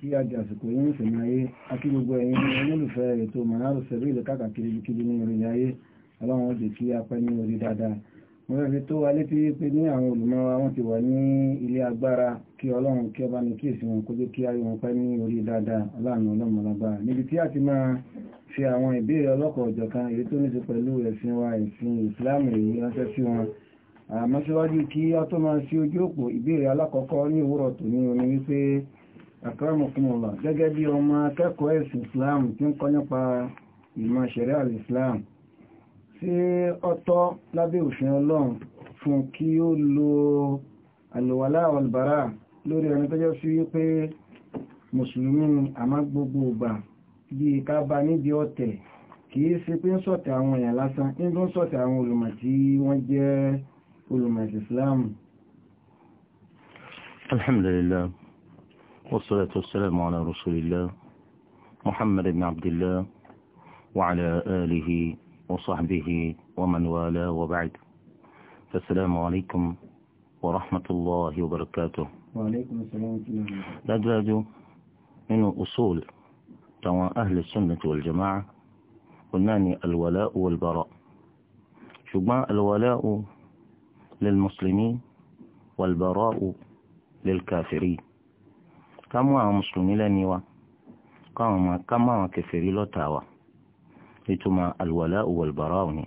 kí a di àsìkò yìí ń sìn ayé àti gbogbo ẹ̀yin olólùfẹ́ ètò mọ̀nàrò sẹ̀rí ilẹ̀ káàkiri ibikíbi ní orí ayé ọlọ́run jẹ́ kí a pẹ́ ní orí dáadáa mo fẹ́ fi tó wa létí pé ní àwọn olùmọ̀ wa wọ́n ti wà ní ilé agbára kí ọlọ́run kí ọba ní kíyèsí wọn kó jẹ́ kí ayé wọn pẹ́ ní orí dáadáa ọlọ́run ọlọ́run lágbára níbi tí a ti máa fi àwọn ìbéèrè ọlọ́kọ̀ ọ̀jọ̀kan èyí tó ní ṣe pẹ̀lú ẹ̀sìn wa ẹ̀sìn ìsìláàmù èyí ránṣẹ́ sí wọn àmọ́ kí a tó máa ṣí ojú òpó ìbéèrè alákọ̀ọ́kọ́ ní òwúrọ̀ tòní omi wípé àkọ́rọ̀mọ̀kúnmọ̀lá gẹ́gẹ́ bí ọmọ akẹ́kọ̀ọ́ ẹ̀sìn Islam tí ń kọ́ nípa ìmọ̀ ṣẹ̀rẹ́ al-Islam tí ọ̀tọ̀ lábẹ́ òfin Ọlọ́run fún kí ó lo àlùwàlá wàlbàrà lórí ẹni tó jẹ́ sí wípé mùsùlùmí àmá gbogbo ọgbà bí ká bá níbi ọ̀tẹ̀ kìí ṣe pé ń sọ̀tẹ̀ àwọn èèyàn lásán ń tó sọ̀tẹ̀ àwọn olùmọ̀ tí wọ́n jẹ́ olùmọ̀ Islam alhamdulillah والصلاة والسلام على رسول الله محمد بن عبد الله وعلى آله وصحبه ومن والاه وبعد فالسلام عليكم ورحمة الله وبركاته وعليكم السلام ورحمة الله من أصول توا أهل السنة والجماعة قلناني الولاء والبراء شو ما الولاء للمسلمين والبراء للكافرين ká mú àwọn mùsùlùmí lẹ́ni wa ká mú àwọn kèfèrí lọ́tà wa ìtumọ̀ al-wala'u wal-bara'u ni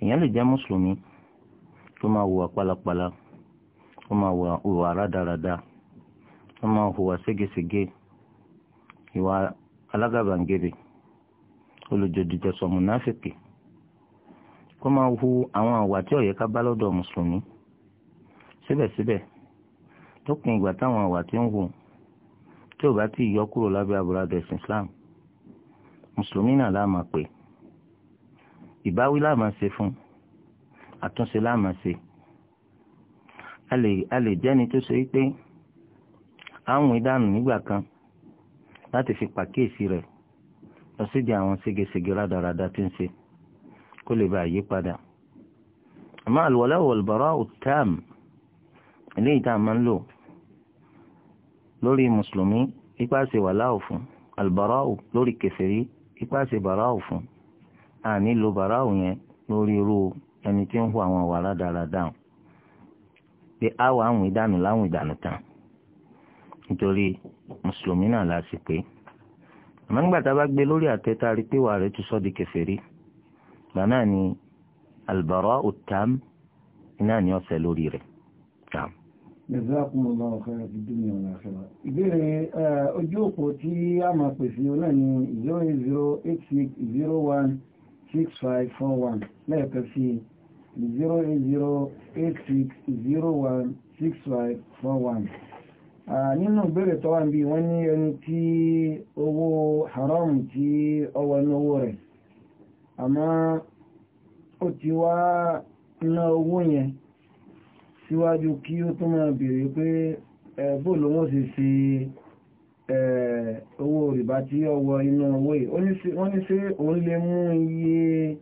èèyàn lè jẹ́ mùsùlùmí tó máa hùwà pálapàla tó máa hùwà rádaràda tó máa hùwà ségesège ìwà alágàbàǹgẹ̀rẹ̀ olùjòdìjọ sọmù náfẹ̀kì kó máa hu àwọn àwà tí ó bá lọ́dọ̀ mùsùlùmí síbẹ̀síbẹ̀ lópin ìgbà táwọn àwà tí ń wò tí ò bá tí yọ kúrò lábẹ́ àbúradà ẹ̀sìn Islam mùsùlùmí náà la máa pè ìbáwí la ṣe fún àtúnṣe la máa ṣe a lè jẹ́ni tó ṣe pé àwọn ìdánù nígbà kan láti fi pàkíyèsí rẹ̀ lọ sídìí àwọn ségesège rádaràda tí ń ṣe kó lè bá yí padà àmọ́ al-wala wal-bara' máa ń lò lórí mùsùlùmí ipá ṣe wàlá òfun àlùbáráù lórí kèfèrí ipá ṣe bàrá òfun àní lo bàrá òun yẹn lórí irú ẹni tí ń hu àwọn wàrà dáradáhùn pé àwọn àwọn ìdánù láwọn ìdánù tán nítorí mùsùlùmí náà la sì pé àmọ́ nígbà tá a bá gbé lórí àtẹ́tà rí pé wà rẹ̀ ti sọ di kèfèrí gbà náà ni àlùbáráù tam náà ni ọ̀sẹ̀ lórí rẹ̀ tam. Jazakumullahu khairan fid dunya wal akhirah. Ìbéèrè eh, ojú òpó tí a máa pèsè náà ni 08086016541 lẹ́ẹ̀kan sí 08086016541. Nínú ìbéèrè tó wà bí wọ́n ní ẹni tí owó haram tí ọwọ́ náwó rẹ̀, àmọ́ ó ti wá ná owó yẹn síwájú kí ó tó máa bèèrè pé bó ló wọ́n sì fi owó rìbá tí ó wọ inú owó yìí wọ́n ní sí òun lè mú iye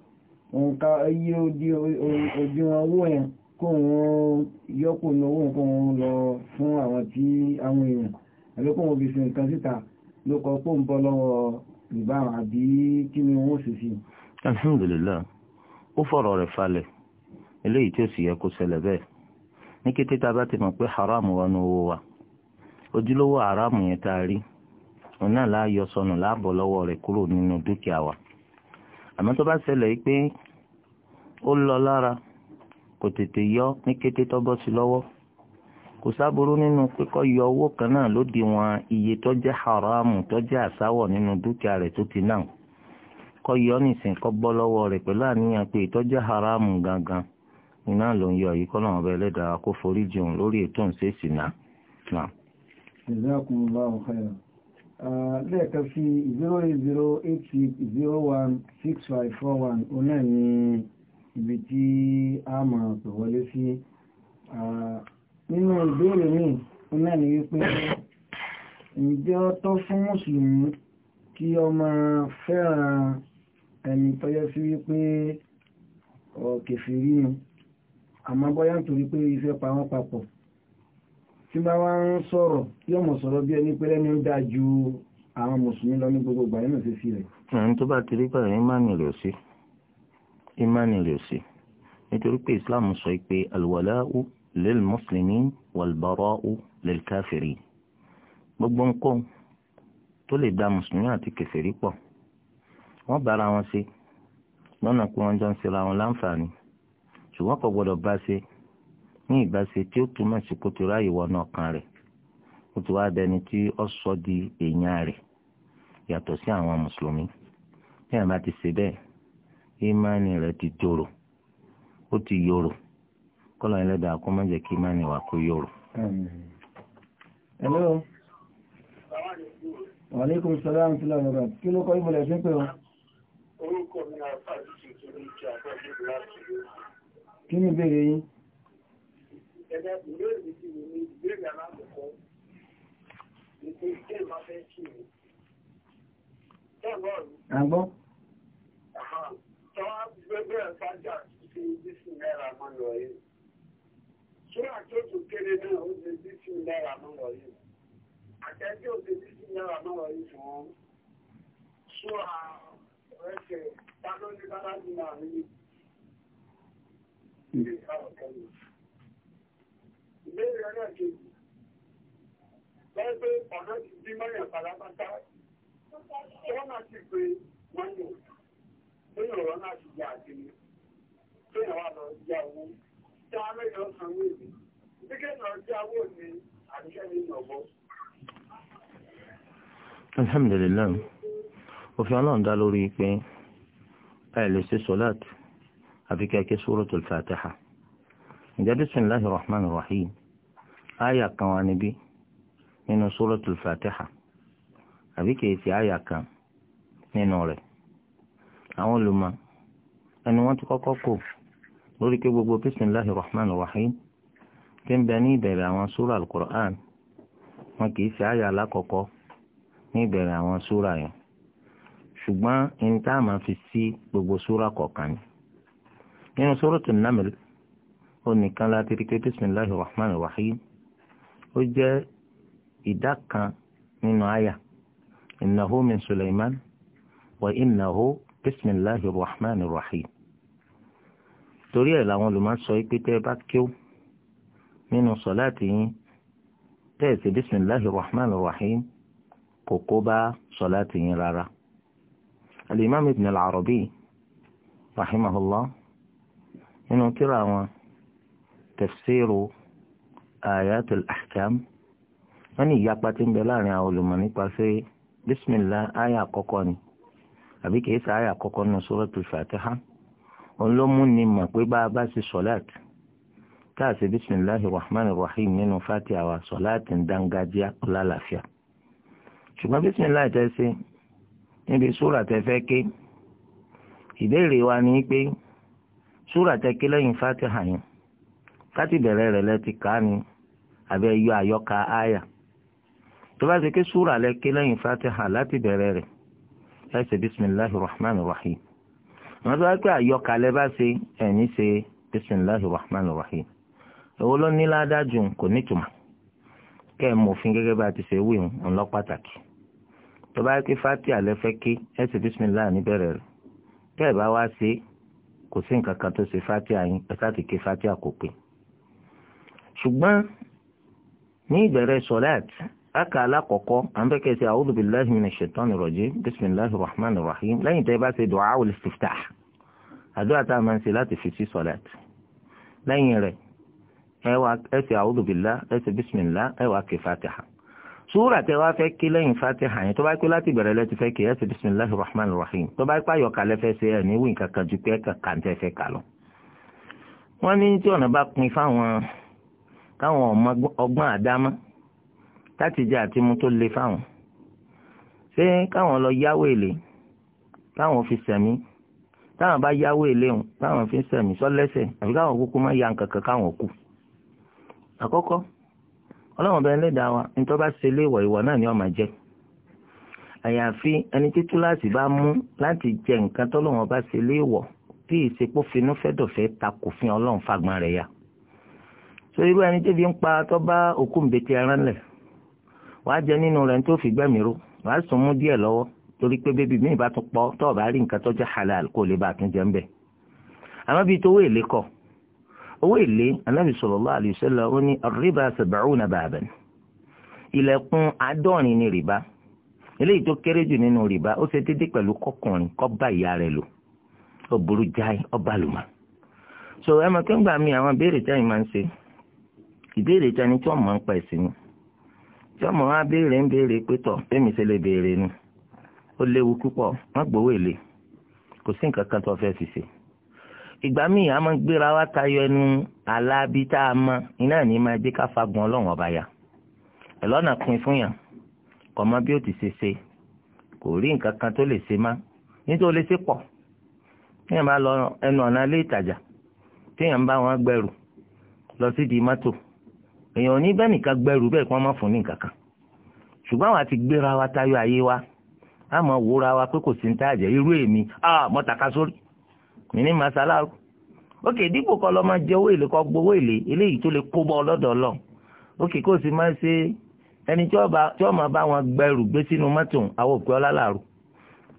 òǹkà iye òdiwọ̀n owó yẹn kó wọ́n yọ́pò ní owó nǹkan wọn lọ fún àwọn tí àwọn èèyàn ẹ̀lẹ́kùn òbí sí nǹkan síta ló kọ pó ń bọ́ lọ́wọ́ rìbá àbí kí ni wọ́n sì sí. alhamdulillah ó fọ̀rọ̀ rẹ̀ falẹ̀ eléyìí tí ó sì yẹ kó ṣẹlẹ̀ bẹ́ẹ̀ ní kété tá a bá ti mọ̀ pé haram wọnú owó wa ojúlówó haram yẹn tá a rí òun náà láàyò sọnù láàbọ̀ lọ́wọ́ rẹ̀ kúrò nínú dúkìá wa àmọ́ tó bá ṣẹlẹ̀ yìí pé ó lọ lára kò tètè yọ ní kété tó bọ́ sí lọ́wọ́ kò yọ owó kan náà iye tó jẹ́ tó jẹ́ àsáwọ̀ nínú dúkìá rẹ̀ tó yọ kọ́ bọ́ lọ́wọ́ rẹ̀ pẹ̀lú àníyàn pé haram gangan iná ló ń yọ yìí kọ́ lọ́wọ́ ọba ẹlẹ́dàá kó forí jùn lórí ètò ìṣèṣì náà. ìzákun bá wọn fẹ́ràn lẹ́ẹ̀kan sí zero eight zero eight six zero one six five four one ọ̀nà ní ibi tí a máa pè wọlé sí nínú ìbéèrè mi ọ̀nà ní wípé ǹjẹ́ ó tọ́ fún mùsùlùmí kí ó fẹ́ràn ẹni tó sí wípé ọ̀kẹ̀fẹ̀ rí ni àmọ́ bọ́yá nítorí pé ìfẹ́ pa wọ́n papọ̀ tí bá wá ń sọ̀rọ̀ yóò mọ̀ sọ̀rọ̀ bí ẹni pé lẹ́nu ń dáa ju àwọn mùsùlùmí lọ ní gbogbo ìgbà nínú fífi rẹ̀. àwọn tó bá ti rí pàrọ̀ ìmánì rẹ̀ sí ìmánì rẹ̀ sí nítorí pé islam sọ pé alwala'u lil muslimin walbara'u lil kafirin gbogbo nǹkan tó lè da mùsùlùmí àti kèfèrí pọ̀ wọ́n bára wọn ṣe lọ́nà pé wọ́n jọ ń ṣe wọn láǹfààní ṣùgbọ́n kò gbọ́dọ̀ bá ṣe ní ìbáṣe tí ó túmọ̀ sí kó ti ráàyè wọnú ọkàn rẹ̀ ó ti wá dẹni tí ó sọ di èèyàn rẹ̀ yàtọ̀ sí àwọn mùsùlùmí bí àwọn bá ti ṣe bẹ́ẹ̀ ìmánì rẹ̀ ti jòrò ó ti yòrò kọ́lọ̀ ẹlẹ́dàá kó má jẹ́ kí ìmánì wà kó yòrò. hello wàlẹ́kùn sọ́lá ń fi lọ́wọ́ rẹ̀ kí ló kọ́ ìmọ̀lẹ̀ sí pé o. orúkọ mi àfáà ti ṣètò ní ìjà àbọ̀ nígbà tí ó kí ni ìbéèrè yín. ẹgbẹ́ ìbéèrè mi ti wò ní ìbéèrè alákọ̀ọ́kọ́ ní pé kí ẹ máa fẹ́ kí mi. bẹ́ẹ̀ bọ́ọ̀ ni. àgbọ́. tọ́wọ́ gbẹgbẹ́ ìsájà ti bí sí náírà máa lọ yìí. ṣé àjọjù kéré náà ó ti bí sí náírà máa lọ yìí. àtẹ́jọ́ ti bí sí náírà máa lọ yìí fún wọn. ṣúra ẹsẹ̀ tá ló ní bá láti máa rí i. Ìbéèrè náà kejì. Bẹ́ẹ̀ pé ọ̀nà ti Alhamdulilayi, òfin ọlọ́run dá lórí pé ẹ lè ṣe sọ́láàtì àfi kẹ́kẹ́ suratul Fatiha ǹjẹ́ bismillahir rahmanir rahim àyà kan wà níbí nínú suratul Fatiha àbí kèétì àyà kan nínú rẹ̀ àwọn olùmọ̀ ẹni wọ́n ti kọ́kọ́ kò lórí pé gbogbo bismillahir rahmanir rahim tí ń bẹ ní ìbẹ̀rẹ̀ àwọn súrà alukur'an wọn kì í ṣe àyà alákọ̀ọ́kọ́ ní ìbẹ̀rẹ̀ àwọn súrà yẹn ṣùgbọ́n ní tá a máa fi sí gbogbo súrà kọ̀ọ̀kan ni nínú sóròtò nàmìl ó nìkan láti rí pé bisimilahi rahman rahim ó jẹ́ ìdá kan nínú àyà innahu min suleiman wa innahu bisimilahi rahman rahim torí ẹ̀ làwọn olùmọ̀ sọ pé tẹ́ ẹ bá kíó nínú sọ̀láàtì yín tẹ́ ẹ ṣe rahman rahim kò kó bá sọ̀láàtì yín rárá. الإمام ابن العربي رحمه الله nínú kíra wọn tafsiru ayatul ahkam wọ́n ní ìyapa tí ń bẹ láàrin àwọn olùmọ̀ nípa ṣé bísímìlá àyà àkọ́kọ́ ni àbí kìí ṣe àyà àkọ́kọ́ nínú suratul fatiha òun ló mú ni mọ̀ pé bá a bá ṣe sọ̀láàtì káàsì bisimilahi rahman rahim nínú fatiha wa sọ̀láàtì ń dángájíá ọ̀làlàfíà ṣùgbọ́n bisimilahi tẹ́ níbi súrà ké ìbéèrè wa ni pé súrà tẹ́kí lẹ́yìn fatiha yẹn káti bẹ̀rẹ̀ rẹ̀ lẹ́ti kàáni àbẹ̀ yọ àyọkà àyà tó bá ti ké súrà lẹ́kí lẹ́yìn fatiha láti bẹ̀rẹ̀ rẹ̀ ẹ ṣe bisimilahi rahman rahim wọ́n tó bá pé àyọkà lẹ́ bá ṣe ẹ̀ní ṣe bisimilahi rahman rahim èwo ló ní ládájú kò nítumọ̀ kẹ́ ẹ̀ mọ̀ òfin gẹ́gẹ́ bá ti ṣe wí ń lọ pàtàkì tó bá ké fatiha lẹ́fẹ́ ké ẹ ṣe bisimilahi níbẹ̀rẹ̀ rẹ̀ kẹ́ ẹ̀ bá wá ṣe kò sí nǹkan kan tó ṣe fatia yín ẹ̀sáàtì ké fatia kò pé ṣùgbọ́n ní ìbẹ̀rẹ̀ sọ̀láàt aka alákọ̀ọ́kọ́ àǹbẹ̀kẹ́sì a'udhu billahi minash shaitani rajim bismillahi rahman rahim lẹ́yìn tẹ́ bá ṣe du'a ul istiftah àdúrà tá a máa ń ṣe láti fi sí sọ̀láàt lẹ́yìn rẹ̀ ẹ wá ẹ ṣe a'udhu billahi ẹ ṣe bismillah ẹ wá ké fatiha súrà tẹ wá fẹ́ kí lẹ́yìn fatiha yẹn tó bá pé láti bẹ̀rẹ̀ lẹ́ti fẹ́ kí ẹ ṣe bisimilahi rahman rahim tó bá pé àyọkálẹ̀ fẹ́ ṣe ẹ̀ níwìn kankan ju pé kankan tẹ́ fẹ́ kà lọ. wọ́n ní tí ọ̀nà bá pin fáwọn káwọn ọgbọ́n àdámá láti jẹ àti mu tó le fáwọn ṣé káwọn lọ yáwó èlé káwọn fi sẹ̀mí táwọn bá yáwó èlé hùn káwọn fi sẹ̀mí sọ́lẹ́sẹ̀ àbí káwọn kúkú má ya nǹkan káwọn kù. àkọ́kọ́ ọlọ́run ọba ẹlẹ́dàá wa ní tó bá ṣe léèwọ̀ ìwọ náà ni ó máa jẹ àyàfi ẹni tí túláàsì bá mú láti jẹ nǹkan tọ́lọ́run ọba ṣe léèwọ̀ tí ìsepò finú fẹ́dọ̀fẹ́ ta kò fi ọlọ́run fagbọn rẹ̀ ya so irú ẹni tí ebi ń pa tó bá òkú mbete ẹran lẹ̀ wàá jẹ nínú rẹ̀ tó fi gbẹ̀mí ró wàá sùn mú díẹ̀ lọ́wọ́ torí pé bébí mi ìbá pọ̀ tó bá rí nǹkan tó jẹ́ halal kó lè bá tún jẹ àmọ́ bíi tówó èlé kọ̀ owó èlé anábì sallallahu alayhi ó ní rìbá sab'una bàbẹ̀ ilẹ̀kùn àádọ́rin ní rìbá eléyìí tó kéré jù nínú rìbá ó ṣe déédéé pẹ̀lú kọkùnrin kó ìyá rẹ̀ lò ó burú jáì lùmọ̀ so ẹ mọ̀ kéńgbà mi àwọn ìbéèrè tẹ́yìn máa ń ṣe ìbéèrè tẹ́ni tí wọ́n mọ̀ ń pa ẹ̀sìn ni tí wọ́n béèrè ń béèrè pé tọ̀ ìgbà míì a máa ń gbéra wa tayọ ẹnu alábi tá a mọ iná ní máa jẹ́ ká fagbọn ọlọ́run ọba yá ẹ̀ lọ́nà pin fún yàn kò mọ bí ó ti ṣe ṣe kò rí nǹkan kan tó lè ṣe má nítorí lè ṣe pọ̀ téèyàn bá lọ ẹnu ọ̀nà ilé ìtajà téèyàn bá wọn gbẹrù lọ sí di mọ́tò èèyàn ò ní bẹ́ẹ̀ nìkan gbẹrù bẹ́ẹ̀ kí wọ́n má fún ní nǹkan kan ṣùgbọ́n àwa ti gbéra wa tayọ ayé wa a máa wúra wa pé kò sí ní táàjẹ́ irú èmi a mọ́ta mi ní màá ṣaláàrú ókè dípò kọ́ lọ́ máa jẹ owó èlé kọ́ gbowó èlé eléyìí tó lè kó bọ́ ọlọ́dọ̀ lọ ókè kó o sì máa ṣe ẹni tí wọ́n máa bá wọn gba ẹrù gbé sínú mọ́tò àwọn òkè ọlálàrú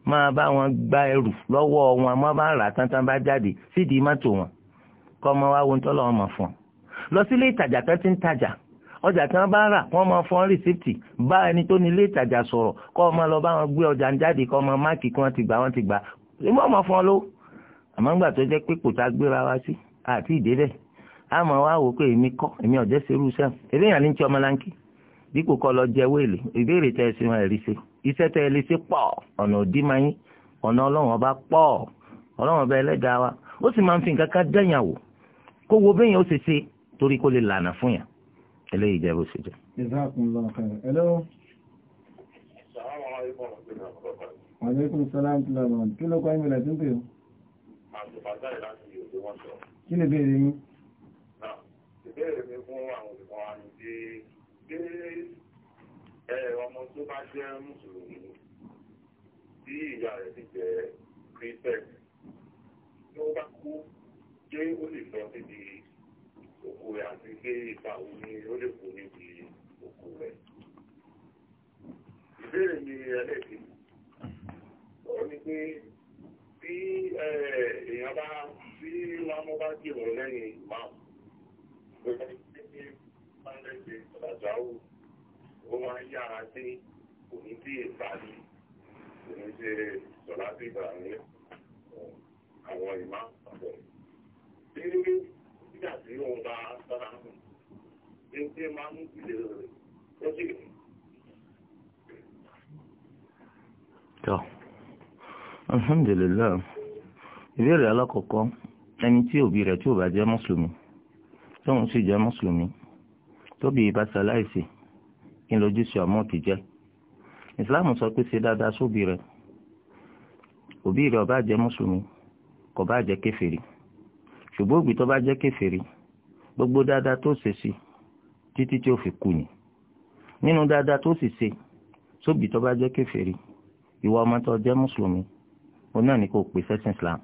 máa bá wọn gba ẹrù lọ́wọ́ wọn máa bá rà tántán bá jáde sídìí mọ́tò wọn kọ́ ọmọ wa wo ń tọ́lọ́ wọn mọ̀ fún ọ lọ sílé ìtajà kan tí ń tajà ọjà tí wọn bá rà wọn máa fọn rìsíptì bá ẹni tó ní ilé ìtajà sọ̀rọ̀ kọ ọ máa lọ bá wọn gbé ọjà ń jáde kọ ọ máa máàkì kí wọn ti gbà wọn ti gbà èmi ọmọ fọn ló àmọ́ ńgbà tó jẹ́ pé kò tá a gbéra wa sí àti ìdébẹ̀ a mọ̀ wá wò pé èmi kọ́ èmi ọ̀jẹ́ serú sẹ́m eléyàn ní tí ọmọ láńkì dípò kọ́ lọ jẹ wéèlè ìbéèrè tẹ́ ẹ sí wọn ẹ̀rí ṣe iṣẹ́ tẹ́ ẹ lè ṣe pọ̀ ọ̀nà òdì máa yín ọ̀nà ọlọ́run ọba pọ̀ ọlọ́run ọba ẹlẹ́dàá wa ó sì máa ń fi nǹkan ká dẹ́yàn wò kó wo béèyàn ó ṣe ṣe torí kó lè lànà fún yàn eléyìí jẹ́ bó ṣe jẹ́. Wa alaikum Kí ni bèèrè yín? Ìbéèrè mi fún àwọn olùkọ́ wa pé pé ọmọ tó bá jẹ́ Mùsùlùmí tí ìyá rẹ̀ ti jẹ́ Christian tí ó bá kú jẹ́ ó lè lọ síbi òkú rẹ̀ àti pé ipa òun ni ó lè kú níbi òkú rẹ̀. Ìbéèrè mi ẹlẹ́ẹ̀kejì. Ó ní pé tí èèyàn bá sí ìparí bá sára hàn, tí tí máa alhamdulilayi ìbéèrè alákọ̀ọ́kọ́ ẹni tí òbí rẹ̀ tí ò bá jẹ́ mùsùlùmí tóun sì jẹ́ mùsùlùmí tóbi ìbá ṣaláìsí kí n lójúṣe ọmọ òtí jẹ́ ìsìláàmù sọ pé ṣe dáadáa sóbí rẹ̀ òbí rẹ̀ ọba jẹ́ mùsùlùmí kò bá jẹ́ kèfèrí ṣùgbọ́n òbí tó bá jẹ́ kèfèrí gbogbo dáadáa tó ṣe sí títí tí ó fi kú ni nínú dáadáa tó sì ṣe sóbí tó bá jẹ́ kèfèrí ìwọ ọmọ tó jẹ́ mùsùlùmí òun náà ni kò pè sẹ́sìn islam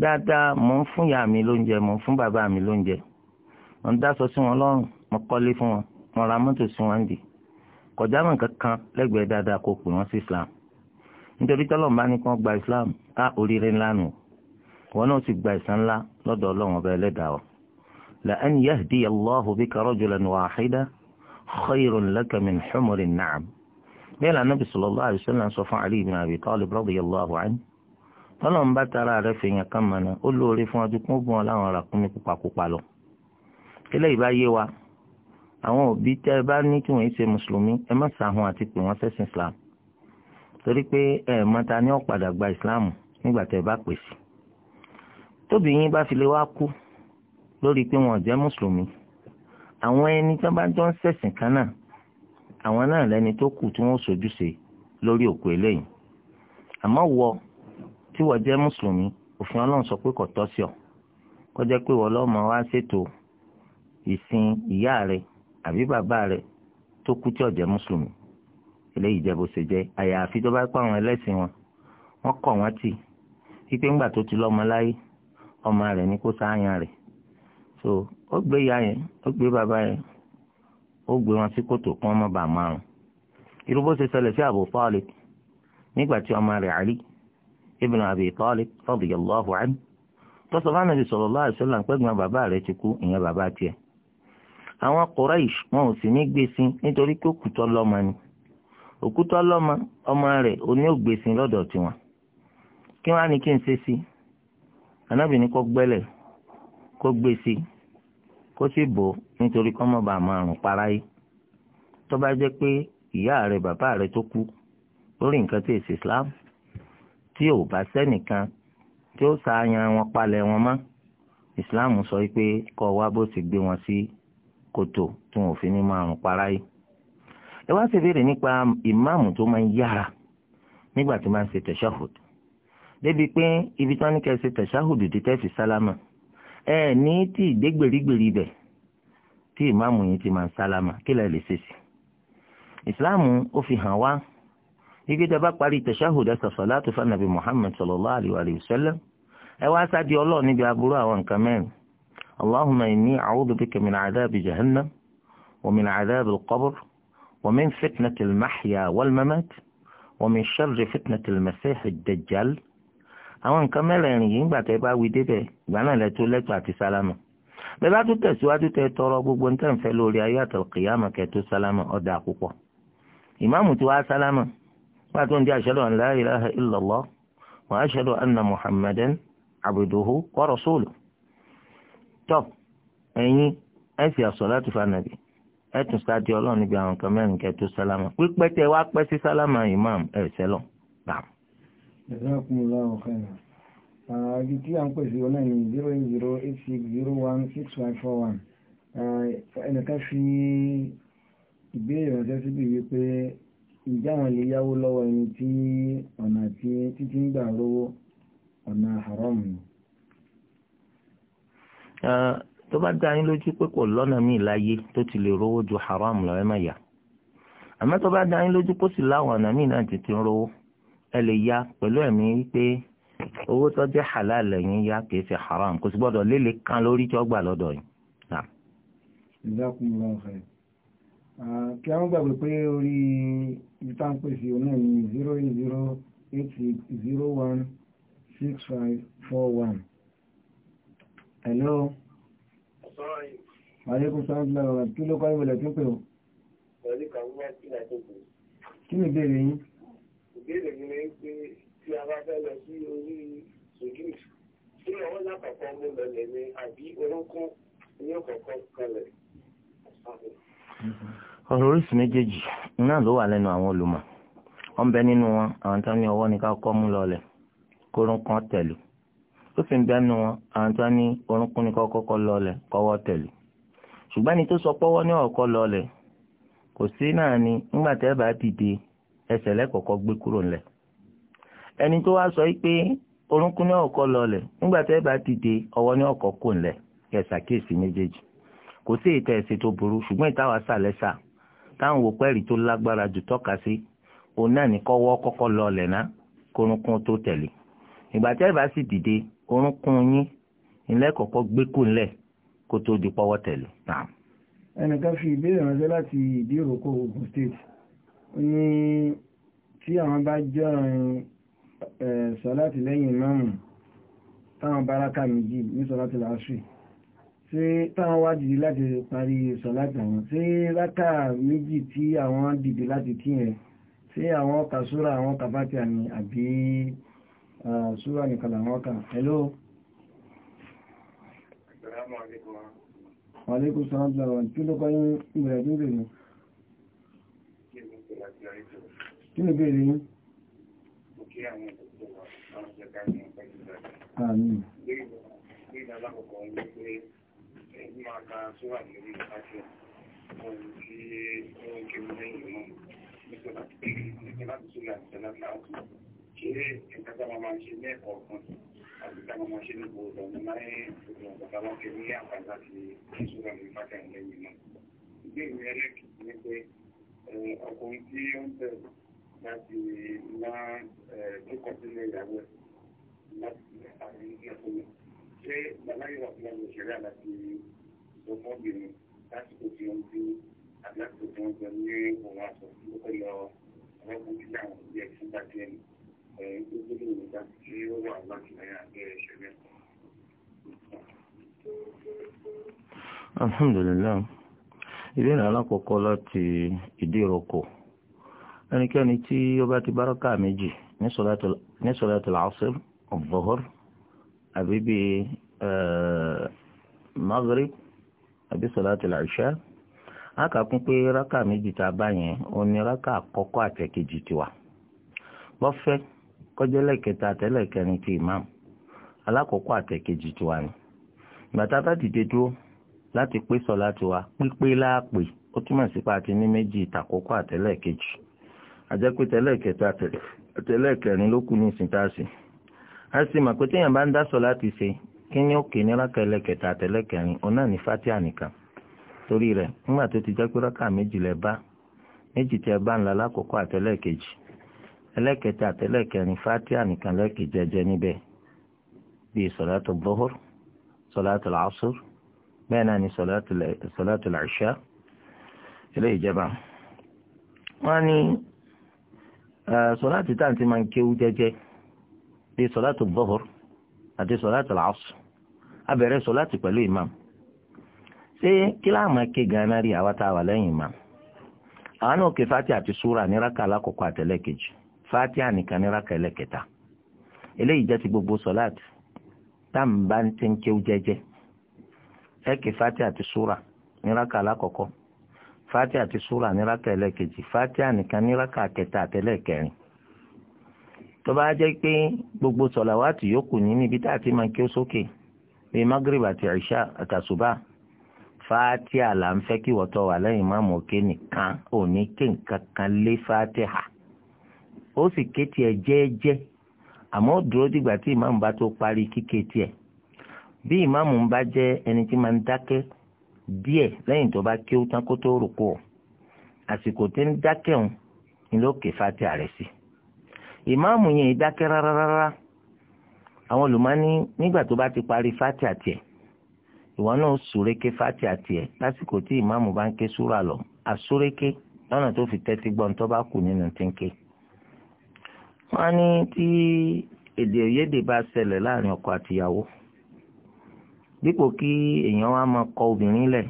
dáadáa mò ń fún ìyá mi lóúnjẹ mò ń fún bàbá mi lóúnjẹ mò ń dáṣọ sí wọn lọ́rùn mo kọ́lé fún wọn mo ra mọ́tò sí wọn dì kọjá mọ̀ kankan lẹ́gbẹ̀ẹ́ dáadáa kò pè wọ́n sí islam nítorí tọ́lọ́mù bá ní kí wọ́n gba islam á oríire ńlá nù wọn náà sì gba ìsan ńlá lọ́dọ̀ ọlọ́run ọba ẹlẹ́dàá ọ la an yahdi allahu bika rajulan wahida khayrun laka min humri bẹ́ẹ̀ lànà bí sallallahu alaihi wasallam sọ fún Ali ibn Abi Talib radiyallahu anhu tọ́lọ́n bá tara rẹ̀ fèèyàn kan mọ̀nà ó lóore fún ọdún kún bọ́n láwọn ràkúnmí pupapupa lọ. eléyìí bá yé wa àwọn òbí tẹ́ ẹ bá ní kí wọ́n ṣe mùsùlùmí ẹ má sàhùn àti pè wọ́n sẹ́sìn islam torí pé ẹ mọ́ta ní ọ̀padà gba islam nígbà tẹ́ ẹ bá pè sí. tóbi yín bá fi lè wá kú lórí pé wọn jẹ́ mùsùlùmí àwọn ẹni tí wọ́n bá jọ ń sẹ̀sìn kan náà àwọn náà lẹni tó kù tí wọ́n sojúṣe lórí òkú eléyìí àmọ́ wọ tí wọ́n jẹ́ mùsùlùmí òfin ọlọ́run sọ pé kò tọ́ sí ọ kó jẹ́ pé wọ́n lọ́mọ wá ṣètò ìsìn ìyá rẹ àbí bàbá rẹ tó kú tí ó jẹ́ mùsùlùmí eléyìí jẹ́ bó ṣe jẹ́ àyàfi tó bá pa àwọn ẹlẹ́sìn wọn wọ́n kọ̀ wọ́n tì wípé ńgbà tó ti lọ́mọ láyé ọmọ rẹ̀ ni kó sááyàn rẹ̀ so ó gbé ìyá yẹn ó gbé bàbá yẹn ó gbé wọn sí kòtò kí wọ́n má bàa márùn irú bó ṣe ṣẹlẹ̀ sí Abu Talib nígbà tí ọmọ rẹ̀ Ali ibn Abi Talib radiyallahu anhu tọ́sọ̀ bá nàbì sallallahu alaihi wasallam pẹ́gbọ́n bàbá rẹ̀ ti kú ìyẹn bàbá tiẹ̀ àwọn Quraish wọn ò sì ní gbèsè nítorí pé òkútọ́ lọ́mọ ni òkútọ́ lọ́mọ ọmọ rẹ̀ oní ògbèsè lọ́dọ̀ tiwọn kí wọ́n á ní kí n ṣe sí anábìíní kó gbẹ́lẹ̀ kó gbèsè kó sì bò nítorí kọ́mọba márùn para yìí tó bá jẹ́ pé ìyá rẹ̀ bàbá rẹ̀ tó kú lórí nǹkan tí èsì Islam tí ò bá sẹ́nìkan tí ó sàáyàn wọn palẹ̀ wọn mọ́ Islam sọ pé kọ́ wa bó ti gbé wọn sí kòtò tí wọn ò fi ní márùn para yìí ẹ wá sì béèrè nípa ìmáàmù tó máa ń yára nígbà tí máa ń ṣe tẹ̀ṣáhùd débi pé ibi tí ní kẹ́ ṣe tẹ̀ṣáhùd dìtẹ́ fi sálámà. ẹ ní tí ìdégbèrígbèrí bẹ̀ tí ìmáàmù yìí ti máa ń sálámà kí lẹ lè ṣe sí ìsìláàmù ó fi hàn wá igi tẹ́ bá parí tashahhud salatu fa nàbì Muhammad sallallahu àlùwà àlùwà sẹlẹ ẹ wá sáàdì ọlọ́ọ̀ níbi aburú àwọn nǹkan mẹ́rin allahumma inni a'udhu bika min adhabi jahannam wa min adhabi al-qabr wa min fitnati al-mahya wal-mamat wa min sharri fitnati al-masih ad-dajjal. àwọn nǹkan mẹ́rẹ̀ẹ̀rin yìí ńgbà tẹ́ bá wí débẹ̀ ìgbà náà lẹ tó lẹ́tọ̀ àti sálámà bẹ́ẹ̀ bá tún tẹ̀síwájú tẹ tọrọ gbogbo ní tẹ̀ǹfẹ́ lórí ayé àtọ̀kìyàmọ̀ kẹ́ tó sálámà ọ̀dà púpọ̀ ìmáàmù tí wàá sálámà wàá tó ń di ashhadu an la ilaha illallah wa ashhadu anna muhammadan abduhu wa rasuluhu tọ́ ẹ̀yin ẹ sì as-salatu fa nàbì ẹ tún sáájú ọlọ́run níbi àwọn nǹkan mẹ́rin kẹ́ sálámà pípẹ́ tẹ wá pẹ́ sí sálámà ìmáàmù ẹ̀ sẹ́lọ̀ báàmù. Jazakumullahu khairan. Ah, ibi tí a ń pèsè ọ̀nà ni 08086016541. Ah, ẹnìkan fi ìbéèrè ránṣẹ́ síbi wípé ìjà àwọn lè yáwó lọ́wọ́ ẹni tí ọ̀nà tí títí ń gbà rówó ọ̀nà haram ni. Ah, tó bá dá yín lójú pé kò lọ́nà míì láyé tó ti lè rówó ju haram lọ ẹ má yà. Àmọ́ tó bá dá yín lójú pé ó sì láwọn ọ̀nà míì náà ti ti ń rówó ẹ lè ya pẹ̀lú ẹ̀mí wípé owó tó jẹ́ halal ẹ̀yin ya kìí ṣe haram kò sì gbọ́dọ̀ lélẹ̀ kan lórí tí ó gbà lọ́dọ̀ yìí. kí a ń gbàgbé pé orí ìtànpèsè òun náà ní zero eight zero eight six zero one six five four one. hello. Àlékún sáńtìlá ọ̀rọ̀ kí ló kọ́ ìwọlẹ̀ tó pè ó? Kí ni ìbéèrè yín? ìbéèrè mi ni pé tí a bá fẹ́ lọ sí orí sojúd tí ọwọ́ lápapọ̀ mú lọlẹ̀ ni àbí orúnkún ní ọ̀kọ̀ọ̀kan kalẹ̀. ọ̀rọ̀ oríṣi méjèèjì náà ló wà lẹ́nu àwọn olùmọ̀ wọ́n bẹ nínú wọn àwọn tó ní ọwọ́ ká kọ́ mú lọlẹ̀ ń wọn àwọn tó ní orúnkún kọ́kọ́ lọlẹ̀ kọ́wọ́ ṣùgbọ́n ni tó sọ pọ́wọ́ ní ọ̀kọ́ lọlẹ̀ kò sí náà ni tẹ́ bá ẹsẹ̀ lẹ́kọ̀ọ́kọ́ gbé kúrò ńlẹ̀ ẹni tó wá sọ pé orunkun ní ọ̀kọ́ lọlẹ̀ nígbà tẹ́ bá dìde ọwọ́ ní ọ̀kọ́ kò ńlẹ̀ ẹ̀sà kéèsì méjèèjì kò sí ìta ẹ̀sẹ̀ tó burú ṣùgbọ́n ìtawà sàlẹ̀ sà táwọn wò pẹ́ẹ́rì tó lágbára jù tọ́ka sí òun náà ní kọ́wọ́ kọ́kọ́ lọlẹ̀ ná kórúnkún tó tẹ̀lé ìgbà tẹ́ bá sì dìde orúnkún yín ìlẹ́kọ̀ọ́kọ́ gbé kò ńlẹ̀ kó tó di pọ́wọ́ State ní tí àwọn bá jọ sọ́láti lẹ́yìn imáàmù táwọn báraka méjì ní sọ́láti láṣì tí táwọn wá dìde láti parí sọ́láti àwọn tí rákà méjì tí àwọn dìde láti kí yẹn tí àwọn ọkà súra àwọn ọkà fàtí àmì àbí súra nìkan làwọn ọkà hello Wa alaikum salam kí ló kọ́ yín ìbẹ̀rẹ̀ tó ń bèèrè Kí ni bèèrè yín? Àmín. Ṣé ìkàtà máa máa ṣe ní ẹ̀kọ́ ọ̀kan àti ìkàtà máa ṣe ní gbogbo ọ̀dọ̀ ní láyé ìgbòkọ̀ta wọ́n kẹ ní àpàtà ti ìṣúra ìfàkà ìlẹ́yìn náà. Ìgbé ìrẹ́lẹ́kì ní pé ọkùnrin tí ó ń bẹ̀rù láti máa tókọ̀ sínú ìyàwó ẹ̀ láti àrí ìyàfóyè ṣé bàbáyé wà fún ọmọ ìṣẹ̀lẹ̀ láti ọmọbìnrin lásìkò tí ó ń bí àlásìkò tí ó ń ní òun àṣọ tí ó fẹ́ lọ ọlọ́kùnrin tí ẹ̀ fún bàjẹ́ ẹni gbogbo ní ìgbà tí ó wà láti ẹ̀yà abẹ́ ìṣẹ̀lẹ̀. alhamdulillah ìbéèrè alákọ̀ọ́kọ́ láti ìdíròkò ẹnikẹ́ni tí ó bá ti bárọ́kà méjì ní sọ́látìlá ọ̀sẹ̀ ọ̀bọ̀họ́r àbí bí maghrib àbí sọ́látìlá ìṣá akàkún pé rákà méjì tá a bá yẹn ó ní rákà àkọ́kọ́ àtẹ̀kejì tiwa bọ́fẹ́ kọjá lẹ́kẹta àtẹ́lẹ̀kẹrin ti imam alákọ̀ọ́kọ́ àtẹ̀kejì tiwa ni bàtà bá dìde dúró láti pé sọ̀láàtì wa pípé láàpè ó túmọ̀ sí pa àti ní méjì ìtàkókò àtẹ́lẹ̀ kejì àjẹ́ pé tẹ́lẹ̀ kẹta tẹ́lẹ̀ kẹrin ló kù ní a sì mọ̀ pé téèyàn bá ń dá sọ̀láàtì ṣe kí ní òkè ní rákẹ́lẹ̀ kẹta àtẹ́lẹ̀ kẹrin òun náà ní fatiha nìkan torí rẹ̀ nígbà tó ti jẹ́ pé rákà méjì lẹ bá méjì tẹ bá ń la bẹ́ẹ̀ ni sọ̀látù làṣà ilé ìjọba wọ́n ní sọ̀látù táǹtì máa ń kéwú jẹ́jẹ́ bíi sọ̀látù bọ́hùr àti sọ̀látù làásù abẹ̀rẹ̀ sọ̀látù pẹ̀lú imam ṣé kí láàmú ké ganan rí àwa tá a wà imam àwọn náà fati àti sura ní raka alákọ̀ọ́kọ́ àtẹlẹ́kejì fati ànìkan ní raka ẹlẹ́kẹta eléyìí jẹ́ ti gbogbo sọ̀látù táǹbà ń tẹ́ jẹ́jẹ́ eke ké Fatiha àti súrà ní rákà alákọ̀ọ́kọ́ Fatiha àti súrà ní rákà ẹlẹ́ẹ̀kejì Fatiha nìkan ní rákà kẹta tó bá jẹ́ pé gbogbo sọ̀làwátì yòókù ní níbi tá a ti máa kí ó sókè bíi magrib àti ìṣá àtàṣùbà la là ń fẹ́ kí wọ́n wà lẹ́yìn máàmù òkè nìkan ò ní ké nǹkan kan lé Fatiha ó sì ké tiẹ̀ jẹ́ẹ́jẹ́ àmọ́ dúró bí ìmáàmù ń bá jẹ́ ẹni tí máa ń dákẹ́ díẹ̀ lẹ́yìn tó bá kí ó tán kó tó rùkú àsìkò tí ń dákẹ́ òun ni ló ké fati àrẹ sí ìmáàmù yẹn ìdákẹ́ rárá rárá àwọn olùmọ́ni nígbà tó bá ti parí fati àti ìwọ náà súrékè fati àti lásìkò tí ìmáàmù bá ń ké súra lọ àsúrékè lọ́nà tó fi tẹ́tí gbọ́n tó bá kù nínú tí ń ké wọ́n á ní tí èdè òyédè bá ṣẹlẹ̀ láàrin ọkọ àtìyàwó dípò kí èèyàn wá máa kọ obìnrin lẹ̀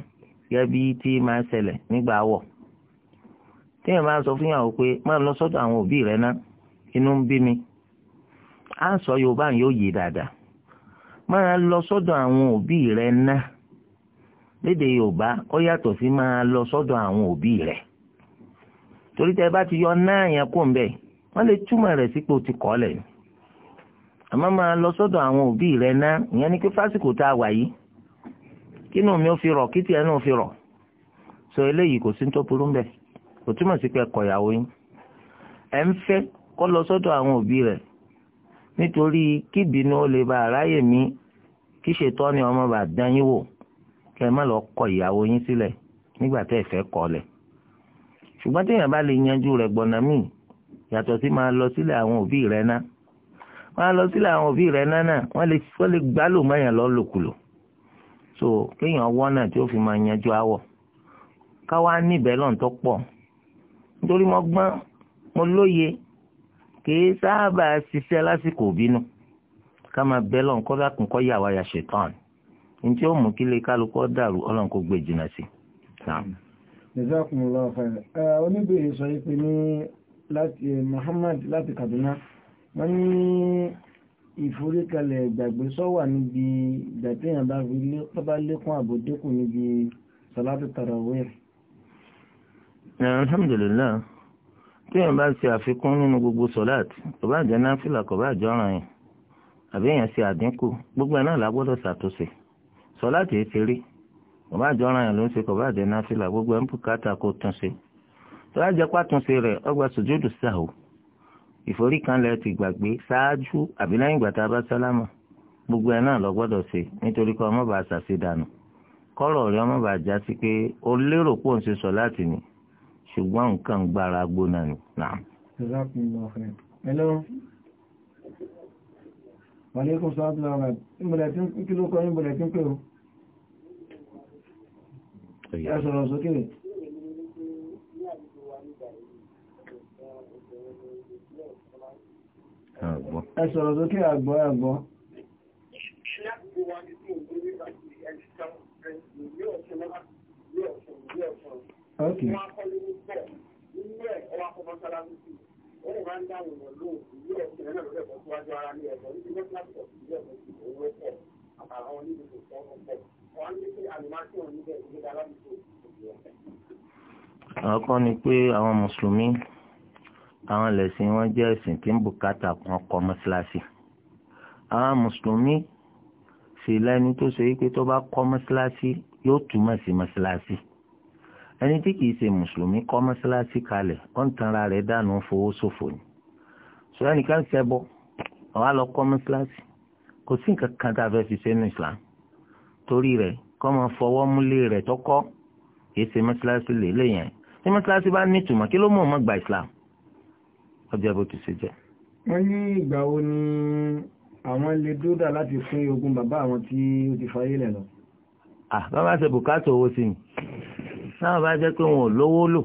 gẹ́bí tí máa ṣẹlẹ̀ nígbà wọ̀ tí èèyàn bá sọ fún ìyàwó pé máa lọ sọ́dọ̀ àwọn òbí rẹ̀ ná inú ń bí mi á sọ yorùbá yóò yé dáadáa máa lọ sọ́dọ̀ àwọn òbí rẹ̀ ná lédè yorùbá ó yàtọ̀ sí máa lọ sọ́dọ̀ àwọn òbí rẹ̀ torí tẹ bá ti yọ náà yẹn kó ń bẹ̀ wọ́n lè túmọ̀ rẹ̀ sípò ti kọ́ lẹ̀ yìí àmọ́ máa lọ sọ́dọ̀ àwọn òbí rẹ náà ìyẹn ni pé fásìkò tá a wà yìí kínú mi ò fi rọ̀ kí tiẹ̀ náà fi rọ̀ sọ eléyìí kò sí ní tó burú mbẹ̀ kò túmọ̀ sí pé ẹ kọ̀ ìyàwó yín ẹ̀ ń fẹ́ kó lọ sọ́dọ̀ àwọn òbí rẹ̀ nítorí kíbinú ó lè ba àráyè mi kí ṣètọ́ ni ọmọ bá dán yín wò kẹ́ ẹ má lọ kọ̀ ìyàwó yín sílẹ̀ nígbà tẹ́ ẹ fẹ́ kọ̀ lẹ̀ ṣùgbọ́n téèyàn bá lè yanjú rẹ̀ gbọ̀nà míì yàtọ̀ sí máa lọ sílẹ̀ àwọn òbí rẹ̀ náà wọ́n á lọ sílẹ̀ àwọn òbí rẹ̀ nánà wọ́n lè wọ́n lè gbá lò mọ́yàn lọ́lòkulò so kéèyàn wọ́n náà tí ó fi máa yanjú awọ̀ káwá níbẹ̀ lọ́n tó pọ̀ nítorí mo gbọ́n mo lóye kìí sábà ṣiṣẹ́ lásìkò bínú ká máa bẹ́ lọ́n kọ́ dákun kọ́ yàwá ya ṣetán ní tí ó mú kí lè kálukọ́ dàrú ọlọ́run kó gbé jìnnà sí. jazakumullahu khairan oníbèrè sọ Muhammad láti Kaduna wọ́n ní ìforíkalẹ̀ ìgbàgbé sọ́wà níbi ìgbàtíyàn bá lékún àbòdékù níbi sọ́látù tarawih. alhamdulillah tí èèyàn bá ṣe àfikún nínú gbogbo sọ́lát kò bá jẹ́ náfìlà kò bá jọ́ràn yẹn àbí èèyàn ṣe àdínkù gbogbo náà la gbọ́dọ̀ ṣàtúnṣe sọ́lát yìí ti rí kò bá jọ́ràn yẹn ló ń ṣe kò bá jẹ́ náfìlà gbogbo ẹ̀ ń bùkátà kó túnṣe tó bá jẹ́ pàtúnṣe rẹ̀ ọgbà sùjúdù sáà ìforíkanlẹ̀ ti gbàgbé ṣáájú àbí lẹ́yìn ìgbà tá a bá sálámà gbogbo ẹ̀ náà lọ gbọ́dọ̀ ṣe nítorí kọ́ ọmọ bá ṣàṣe dànù kọ́rọ̀ rẹ ọmọ bá já sí pé o lérò pé òun ṣe sọ láti ní ṣùgbọ́n nǹkan gbára gbóná ni. hello. wàlékún sáájú ara ìmọ̀lẹ̀ tí ń kí ló kọ́ ìmọ̀lẹ̀ tí ń pè ó. ẹ sọ̀rọ̀ sókè. ẹ sọ̀rọ̀ sókè àgbọ́ àgbọ́ ok àkọ́kọ́ ni pé àwọn mùsùlùmí àwọn lẹ̀sìn wọn jẹ́ ẹ̀sìn tí ń bùkátà kan kọ́ mọ́síláṣí àwọn mùsùlùmí sì lẹ́ni tó ṣe wípé tó bá kọ́ mọ́síláṣí yóò túmọ̀ sí mọ́síláṣí ẹni tí kìí ṣe mùsùlùmí kọ́ mọ́síláṣí kalẹ̀ ó ń tanra rẹ̀ dànù fowó ṣòfò ni ṣùgbọ́n ẹnìkan ṣẹbọ àwa lọ kọ́ mọ́síláṣí kò sí nǹkan kan tá a fẹ́ fi sínú Islam torí rẹ̀ kọ́ máa fọwọ́ múlé rẹ̀ tọ́kọ́ kìí ṣe mọ́síláṣí lè léyìn ẹ̀ mọ́síláṣí bá nítumọ̀ kí ló mọ̀ ọ́n mọ́ gba Islam ọjọ́ bó ti ṣe jẹ́. wọ́n ní ìgbà wo ni àwọn lè dúdà láti fún ogún bàbá àwọn tí ó ti fayé lẹ̀ lọ. àbábá ṣe bùkátà owó sí ni táwọn bá jẹ́ pé wọn ò lówó lò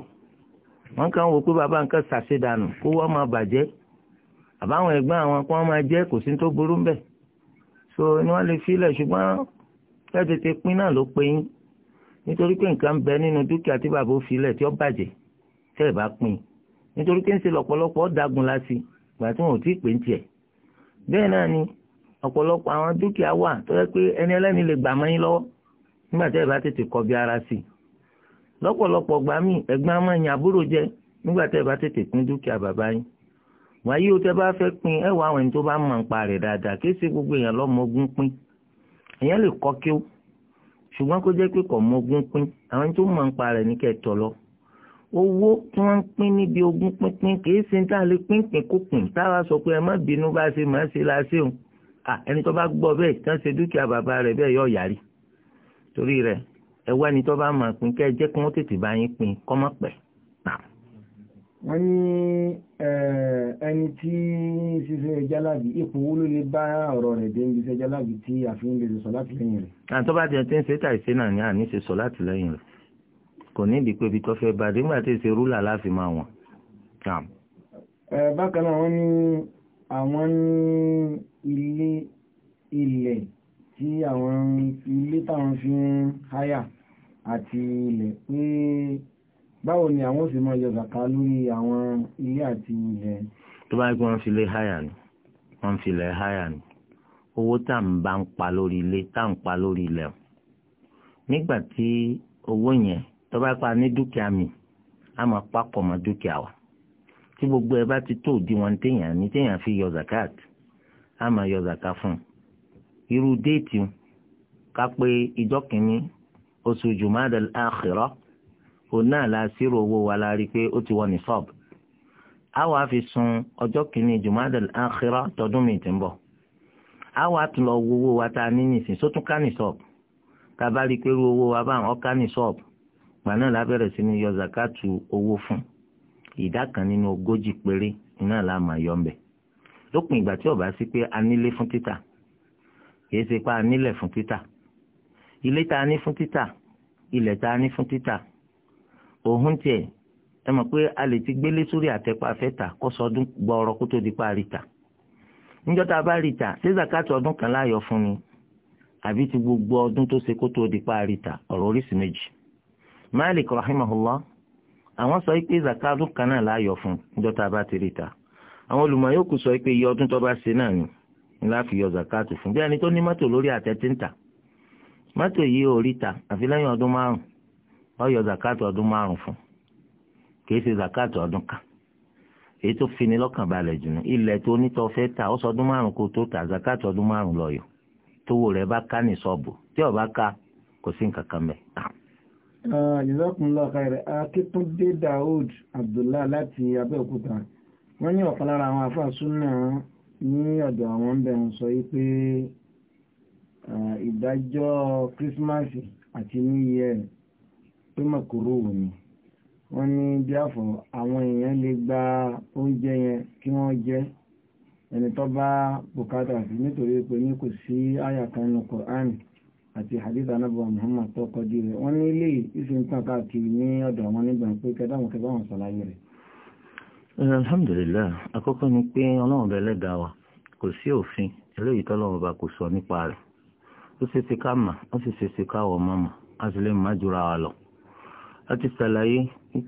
wọ́n kàn wò pé bàbá nǹkan ṣàṣedànù kó wọ́n máa bàjẹ́ àbáwọn ẹ̀gbọ́n àwọn kó máa jẹ́ kò sí tó burú ń bẹ̀ so ni wọ́n lè filẹ̀ ṣùgbọ́n fẹ́ẹ́ tètè pín náà ló pé yín nítorí pé nǹkan ń bẹ nínú dúkìá tí bàbá ó filẹ̀ tí ó bàjẹ́ tẹ́ ẹ̀ bá pín in nítorí pé ń ṣe lọ́pọ̀lọpọ̀ dagun láti ìgbà tí wọn ò tí ì pè ń tiẹ̀ bẹ́ẹ̀ náà ni ọ̀pọ̀lọpọ̀ àwọn dúkìá wà tó yẹ pé ẹni ẹlẹ́ni lè gbà mọ́yìn lọ́wọ́ nígbà tí ẹ bá tètè kọ bí ara sí i lọ́pọ̀lọpọ̀ gbà mí ẹ̀gbọ́n á máa yan àbúrò jẹ nígbà tí ẹ bá tètè pín dúkìá bàbá yín wàyí o tẹ bá fẹ́ pín ẹ àwọn ẹni tó bá mọ̀ ń pa rẹ̀ dáadáa kí ṣe gbogbo èèyàn lọ́mọ owó tí wọ́n ń pín níbi ogún pínpín kì í ṣe tá a lè pínpín kó pín táwa sọ pé ẹ má bínú bá ṣe má ṣe la ṣe òun ẹni tó bá gbọ́ bẹ́ẹ̀ tí wọ́n ṣe dúkìá bàbá rẹ̀ bẹ́ẹ̀ yọ yàrí torí rẹ̀ ẹ wá ẹni tó bá máa pín kẹ́ ẹ jẹ́ kí wọ́n tètè bá yín pín kọ́ mọ́ pẹ́ wọ́n ní ẹni tí ṣíṣe jálàbí ipò wo ló lè bá ọ̀rọ̀ rẹ̀ dé ibi ṣe jálàbí tí àfihàn lè sọ láti lẹ́yìn rẹ̀. àtọ́bàjẹ́ tí kò ní ìdí pé ibi tó fẹ́ bá dé nígbà tí èsì rúlà láfi máa wọ̀n. bákan náà wọ́n ní àwọn ní ilé ilẹ̀ tí àwọn ilé táwọn fi ń háyà àti ilẹ̀ pé báwo ni àwọn sì máa yọ zàká lórí àwọn ilé àti ilẹ̀. tó bá gbé wọn fi lé háyà ni wọn fi lé háyà ni owó tá à ń bá ń pa lórí ilé tá à ń pa lórí ilẹ̀ nígbà tí owó yẹn tó bá pa ní dúkìá mi a máa papọ̀ mọ́ dúkìá wa tí gbogbo ẹ bá ti tó òdiwọ̀n téèyàn ní téèyàn fi yọ zakat a máa yọ zakat fún un irú déètì ká pé ìjọ kìíní oṣù jùmọ́dà àkìrọ́ òun náà la ṣírò owó wa la rí i pé ó ti wọ ní sọ́ọ̀b a wàá fi sun ọjọ́ kìíní jùmọ́dà àkìrọ́ tọdún mi ti ń bọ̀ a wàá tún lọ owó wa ta ní nìsín sótún ká ní sọ́ọ̀b tá bá rí i pé owó wa bá ń ọ́ ká ní sọ́ọ̀b gba náà la bẹ̀rẹ̀ sí ní yọ zakatu owó fún ìdá kan nínú ogójì péré iná la máa yọ ń lópin ìgbà tí sí pé a nílé fún títà kìí ṣe pé a nílẹ̀ fún títà ilé tá ní fún títà ilẹ̀ tá ní fún títà tiẹ̀ ẹ mọ̀ pé a lè ti gbélé sórí àtẹ́pá fẹ́ta kó sọdún gbọ́ọ̀rọ̀ kó tó di pa arita níjọ́ tá a bá ríta ṣé zakatu ọdún kan la yọ fún ni àbí ti gbogbo ọdún tó ṣe pa ọ̀rọ̀ méjì malik rahimahullah àwọn sọ pé zakatu kan náà láàyò fún níjọta bá ti rí ta àwọn olùmọ̀ yòókù sọ pé iye ọdún tó bá ṣe náà ni ńlá yọ zakatu fún bí ẹni tó ní mọ́tò lórí yìí ò rí ta àfi lẹ́yìn ọdún márùn ó yọ zakatu ọdún márùn fún kìí ṣe zakatu ọdún fini ta ó sọdún márùn kó tó ta ọdún márùn bá ká ní Jazakumullahu khairan Akíntúndé Daoud Abdullah láti Abẹ́òkúta wọ́n ní ọ̀kan lára àwọn afáàsúnà ní ọ̀dọ̀ àwọn bẹ̀rùn sọ wípé ìdájọ́ Christmas àti New Year tó mọ̀kúrò ni wọ́n ní bí àfọ̀ àwọn èèyàn lè gba oúnjẹ yẹn kí wọ́n jẹ́ ẹni tó bá bùkátà sí nítorí pé ní kò sí àyà kan àti hadith anábọ̀ muhammad tó kọjú rẹ̀ wọ́n ní ilé ìsìnkàn káàkiri ní ọ̀dọ̀ àwọn nígbà pé kẹdáwọn kẹbáwọn sọ̀láyé rẹ̀. Eh, alhamdulillah àkọ́kọ́ ni pé ọlọ́run bẹ lẹ́dàá wa kò sí òfin eléyìí tọ́lọ́run bá kò sọ nípa rẹ̀ ó ṣe ti ká mà ó sì ṣe ti káwọ̀ mọ́mọ́ a sì lè má jura wa lọ. a ti ṣàlàyé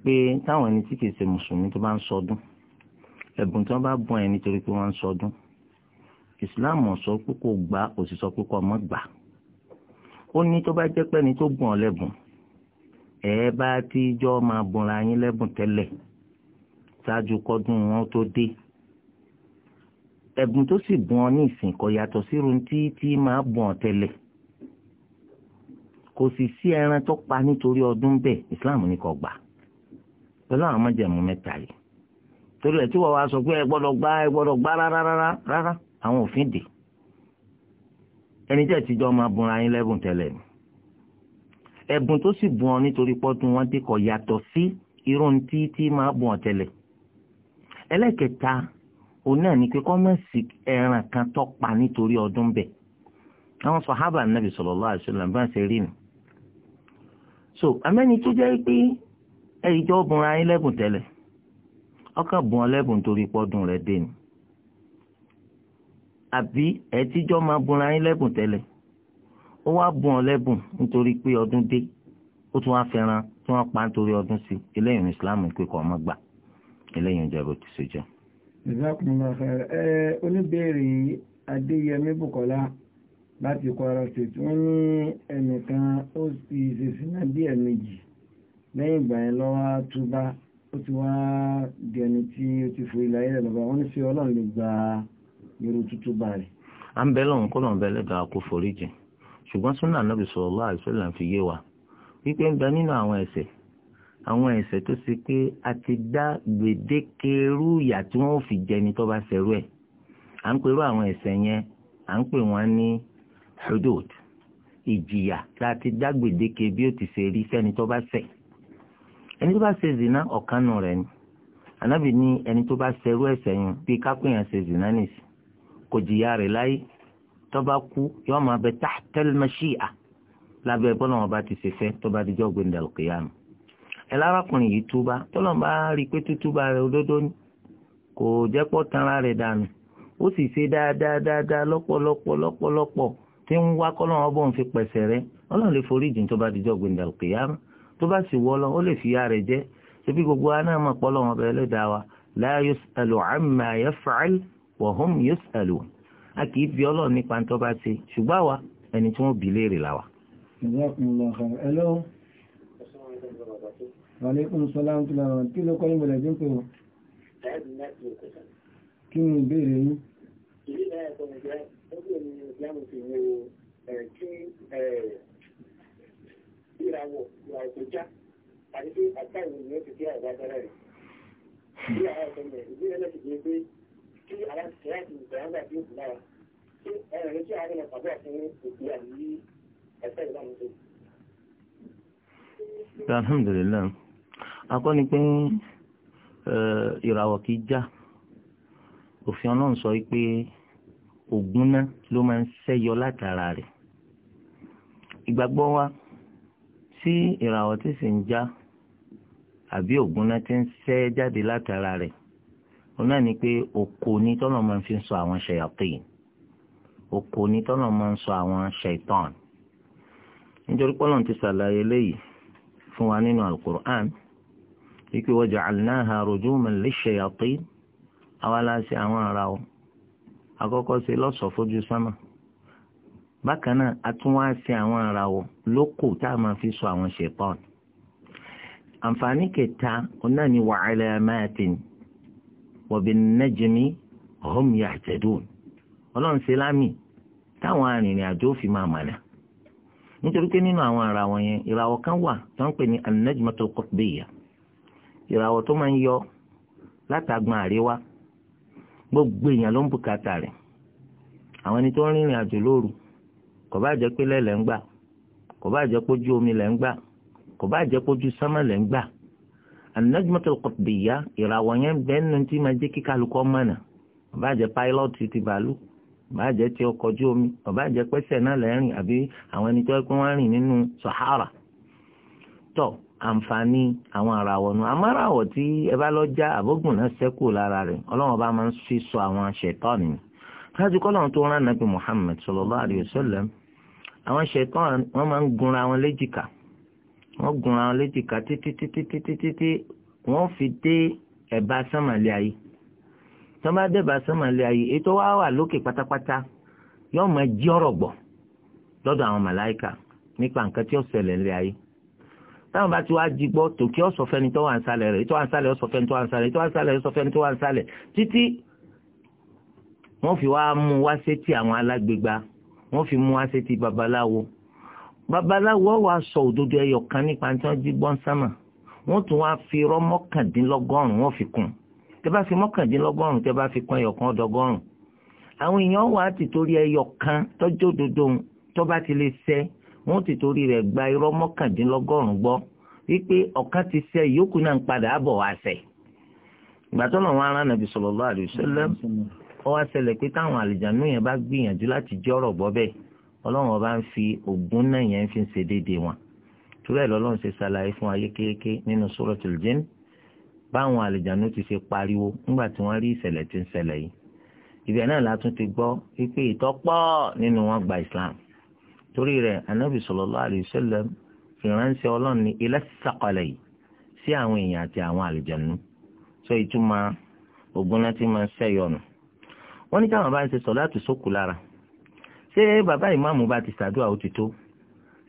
pé táwọn ẹni tí kìí ṣe mùsùlùmí tó bá ń sọdún ẹ̀bùn tí wọ́n bá bùn ẹ̀ nítorí pé wọ́n ń sọdún ìsìláàmù sọ pé kò gbà kò ó ní tó bá jẹ́ pé ẹni tó bùn ọ́ lẹ́bùn ẹ bá ti jọ máa bùnra yín lẹ́bùn tẹ́lẹ̀ ṣáájú kọ́dún wọn tó dé ẹ̀bùn tó sì bùn ọ́ ní ìsìn kò yàtọ̀ sírun tí tí máa bùn ọ́ tẹ́lẹ̀ kò sì sí ẹran tó pa nítorí ọdún bẹ́ẹ̀ ìsìláàmù ní kò gbà pẹ̀lú àwọn májẹ̀mú mẹ́ta yìí torí ẹ̀ tí wọ́n wá sọ pé ẹ gbọ́dọ̀ gbá ẹ gbọ́dọ̀ gbá rárá rárá rárá àwọn òfin dè ẹni jẹ́ ìtìjọ́ máa bunra yín lẹ́bùn tẹ́lẹ̀ ẹ̀bùn tó sì bùn ọ nítorí pọ́tún wọn dé kọ̀ yàtọ̀ sí irú tí tí máa bùn ọ tẹ́lẹ̀ ẹlẹ́kẹta òun náà ni pé kọ́mẹ́sì ẹran kan tó pa nítorí ọdún bẹ̀ àwọn sọ̀hábà nàbì sallallahu alaihi wasallam bá ń ṣe rí nù so amẹ́ni tó jẹ́ pé ẹ̀yìn jọ́ bunra yín lẹ́bùn tẹ́lẹ̀ ọkàn bùn ọ lẹ́bùn torí pọ́dún rẹ̀ dé ni àbí ẹtíjọ́ máa bunra yín lẹ́bùn tẹ́lẹ̀ ó wá bùn ọ lẹ́bùn nítorí pé ọdún dé ó tún wá fẹ́ràn tí wọ́n pa nítorí ọdún sí eléyìí islam pé kọ́ ọmọ gbà eléyìí jẹ́ bó ti ṣe jẹ́. ìzákùnrin ọ̀fẹ́ ẹ oníbèrè adéyẹmí bùkọ́lá láti Kwara State wọ́n ní ẹnìkan ó ti ṣèṣì náà bí ẹ̀ẹ̀mejì lẹ́yìn ìgbà yẹn lọ́wọ́ túbá ó ti wá di ẹni tí ó ti fò ilẹ̀ ayé rẹ̀ lọ́ba wọ́n ní sí ọlọ́run lè gba irú tútù bá rẹ̀. à ń bẹ lọ́run kó lọ́n bẹ lẹ́dàá kó forí ṣùgbọ́n súnà nàbì sallallahu alaihi wasallam fi yé wa wípé ń bẹ nínú àwọn ẹ̀ṣẹ̀ àwọn ẹ̀ṣẹ̀ tó ṣe pé a ti dá gbèdéke irú ìyà tí wọ́n fi jẹni tó bá ṣerú ẹ̀ à ń pe irú àwọn ẹ̀ṣẹ̀ yẹn à ń pè wọ́n ní hudud ìjìyà láti dá gbèdéke bí ó ti ṣe rí sẹ́ni tó bá ṣẹ̀ ẹni tó bá ṣe zina ọ̀kanù rẹ̀ ni ànábì ní ẹni tó bá ṣerú ẹ̀ṣẹ̀ yẹn bí kápẹ́yàn ṣe zina nìsí kò jìyà rẹ̀ láyé tó bá kú yóò máa bẹ tahtal mashi'a lábẹ́ bọ́lá wọn bá ti ṣe fẹ́ tó bá di jọ́ gbẹ̀ndẹ̀ al-qiyam ẹ lárakùnrin yìí túbá tọ́lọ́n bá rí i pé tútúbá rẹ̀ òdodo ni kò jẹ́ pọ́ tanra rẹ̀ dànù ó sì ṣe dáadáa dáadáa lọ́pọ̀lọpọ̀ lọ́pọ̀lọpọ̀ tí ń wá kọ́ lọ́wọ́ bóun fi pẹ̀sẹ̀ rẹ̀ ọlọ́run lè forí jìn tó bá di jọ́ gbẹ̀ndẹ̀ al sì wọ́ lọ ó lè fi ya rẹ̀ jẹ́ ṣebí wọ̀hún yẹ́sàlù a kì í bí ọlọ́run nípa tó bá ṣe ṣùgbọ́n àwa ẹni tí wọ́n bí léèrè làwà. kí ni ìbéèrè yín. ìbéèrè ẹ̀kọ́ nìjẹ́ ó bí èmi ìsìlámù ti ní o kí ìràwọ̀ ìràwọ̀ tó já àti pé àtàwọn ènìyàn ti kí àwọn abẹ́rẹ́ rẹ̀. ìbéèrè ẹ̀kọ́ nìjẹ́ ìbéèrè ẹ̀kọ́ nìjẹ́ tí àwọn ìṣẹ́yàtì ìgbàlódé àti ìlú náà tí ẹ̀rọ ní kí àwọn ọ̀pọ̀ àti ìgbé àyè ẹ̀fẹ́ ìlànà tó. alhamdulilayi akọni pé ìràwọ̀ kìí já òfin ọlọ́run sọ pé ògúnná ló máa ń ṣẹ́yọ látara rẹ̀ ìgbàgbọ́ wa sí ìràwọ̀ tí sì ń já àbí ògúnná tí ń ṣẹ́ jáde látara rẹ̀ wọn náà ni pé òkò ni tọ́nà máa fi ń sọ àwọn ṣayatin òkò ni tọ́nà máa ń sọ àwọn ṣaitan nítorí pọ́lọ́n ti ṣàlàyé léyìí fún wa nínú alukur'an wípé wa ja'alnaha rujuman lish-shayatin àwa la ṣe àwọn ara o àkọ́kọ́ ṣe lọ́sọ̀ọ́ fojú sánmà bákan náà a tún wá ṣe àwọn ara o lókò tá a máa fi sọ àwọn ṣaitan àǹfààní kẹta ọ̀nà ni wa alamatin ni wọ̀bí nẹ́jẹ̀mí hom yahtadun ọlọ́run ṣe lámì táwọn arìnrìn àjò fi máa mànà nítorí pé nínú àwọn ara wọn yẹn ìràwọ̀ kan wà tó ń pè ní anajmatul qutbiyya ìràwọ̀ tó máa ń yọ látàgbọn àríwá gbogbo èèyàn ló ń bùkátà rẹ̀ àwọn ẹni tó ń rìnrìn àjò lóru kò bá jẹ́ pé lẹ́lẹ̀ ń gbà kò bá jẹ́ pójú omi lẹ́ ń gbà kò bá jẹ́ pójú sánmà lẹ́ ń gbà an-najmatul qutbiyya ìràwọ̀ yẹn bẹ́ẹ̀ nù tí máa jẹ́ kí kálukọ́ mọ̀nà ọba jẹ́ pilot ti bàálù ọba jẹ́ ti ọkọ̀ ojú omi ọba jẹ́ pẹ́sẹ̀ náà lẹ́rìn àbí àwọn ẹni tó pé wọ́n rìn nínú Sahara tọ́ àǹfààní àwọn àràwọ̀ nù àmọ́ àràwọ̀ tí ẹ bá lọ já àbógun náà sẹ́kù lára rẹ̀ ọlọ́run ọba máa ń fi sọ àwọn ṣẹ̀tọ́ọ̀nì ni láti tó rán nàbì Muhammad sallallahu alayhi wa sallam àwọn ṣẹ̀tọ́ọ̀nì wọ́n máa ń gunra wọn léjìká wọ́n gun àwọn létìká títítítítítítí wọ́n fi dé ẹ̀bá sánmàlẹ́ ayé tí wọ́n bá dẹ̀bá sánmàlẹ́ ayé ètò wa wà lókè pátápátá yóò máa jí ọ̀rọ̀ gbọ́ lọ́dọ̀ àwọn màláìka nípa nǹkan tí ó ṣẹlẹ̀ ńlẹ̀ ayé táwọn bá ti wá jí gbọ́ tòkí ọ̀sọ̀fẹ́ni tó wà ń sálẹ̀ rẹ̀ tó wà ń sálẹ̀ ọ̀sọ̀fẹ́ni tó wà ń sálẹ̀ tó wà ń sálẹ̀ ọ̀sọ̀fẹ́ni tó wà ń sálẹ̀ títí wọ́n fi wá mú wá sétí àwọn alágbègbà wọ́n fi mú wá sétí babaláwo babaláwo wa sọ òdodo ẹyọ kan nípa tí wọ́n jí gbọ́n sámà wọ́n tún wá fi irọ́ mọ́kàndínlọ́gọ́rùn wọ́n fi kún tẹ́ bá fi mọ́kàndínlọ́gọ́rùn tẹ́ bá fi kún ẹyọ kan ọ̀dọ́gọ́rùn àwọn èèyàn wà á ti torí ẹyọ kan tọ́jú òdodo tó bá ti lè ṣẹ wọ́n ti torí rẹ̀ gba irọ́ mọ́kàndínlọ́gọ́rùn gbọ́ wípé ọ̀kan ti ṣẹ ìyókù náà ń padà bọ̀ wá ṣẹ ìgbà tó náà wọn ará nàbì sallallahu alaihi wasallam ó wá ṣẹlẹ̀ pé táwọn àlìjánu yẹn bá gbìyànjú láti jẹ́ ọ̀rọ̀ gbọ́ ọlọ́run ọba ń fi ògún náà yẹn fi ń ṣe déédéé wọn turẹ̀ lọ́lọ́run ṣe ṣàlàyé fún ayé kéèké nínú Suratul Jinn báwọn àlejànú ti ṣe pariwo nígbà tí wọ́n rí ìṣẹ̀lẹ̀ tí ń ṣẹlẹ̀ yìí ibẹ̀ náà la tún ti gbọ́ wípé ìtọ́pọ̀ nínú wọn gba Islam torí rẹ̀ Ànábì sallallahu alaihi wasallam ìránṣẹ́ ọlọ́run ní ila Saqalayn sí àwọn èèyàn àti àwọn àlejànú sọ ìtumọ̀ ogun náà ṣé bàbá ìmáàmù bá ti ṣàdúrà ó ti tó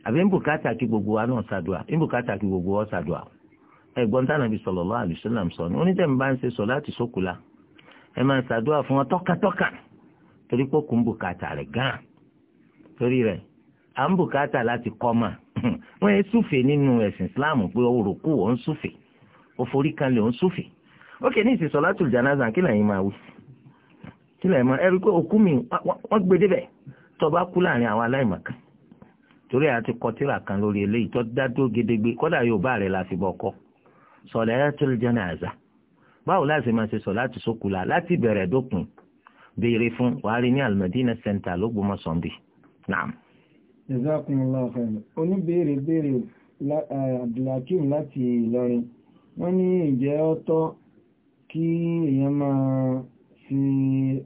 àbí ń bùkátà kí gbogbo wa náà ṣàdúrà ń bùkátà kí gbogbo wa ṣàdúrà ẹ̀gbọ́n tánàbí sallallahu alaihi wasallam sọ ní oníjẹ̀mí bá ń ṣe sọ láti sókùlà ẹ máa ṣàdúrà fún wọn tọ́kàtọ́kà torí pé kò ń bùkátà rẹ̀ gan-an torí rẹ̀ à ń bùkátà láti kọ́ mà wọ́n yẹ súfè nínú ẹ̀sìn Islam pé òrùkú ò ń súfè òforí kanlẹ̀ ò ń súfè ókè ní ìsìn sọ̀látùl jánásà kí lẹ́yìn máa wí kí lẹ́yìn máa ẹ̀rí pé òkú mi wọ́n gbé débẹ̀ tó bá kú láàrin àwọn aláìmọ̀kan torí àti kọtíra kan lórí eléyìí tó dá dúró gedegbe kódà yóò bá rẹ̀ láti bọ̀ kọ́ sọ̀látul jánásà báwo láti máa ṣe sọ̀láàtì sókù la láti bẹ̀rẹ̀ dópin béèrè fún wàá rí ní Al-Madina Center l'Ógbómọ̀ṣọ́ bí naam. jazakumullahu khairan oníbèrè béèrè Abdulhakeem láti Ìlọrin wọ́n ní ìjẹ́ ọ̀tọ̀ kí èèyàn máa sí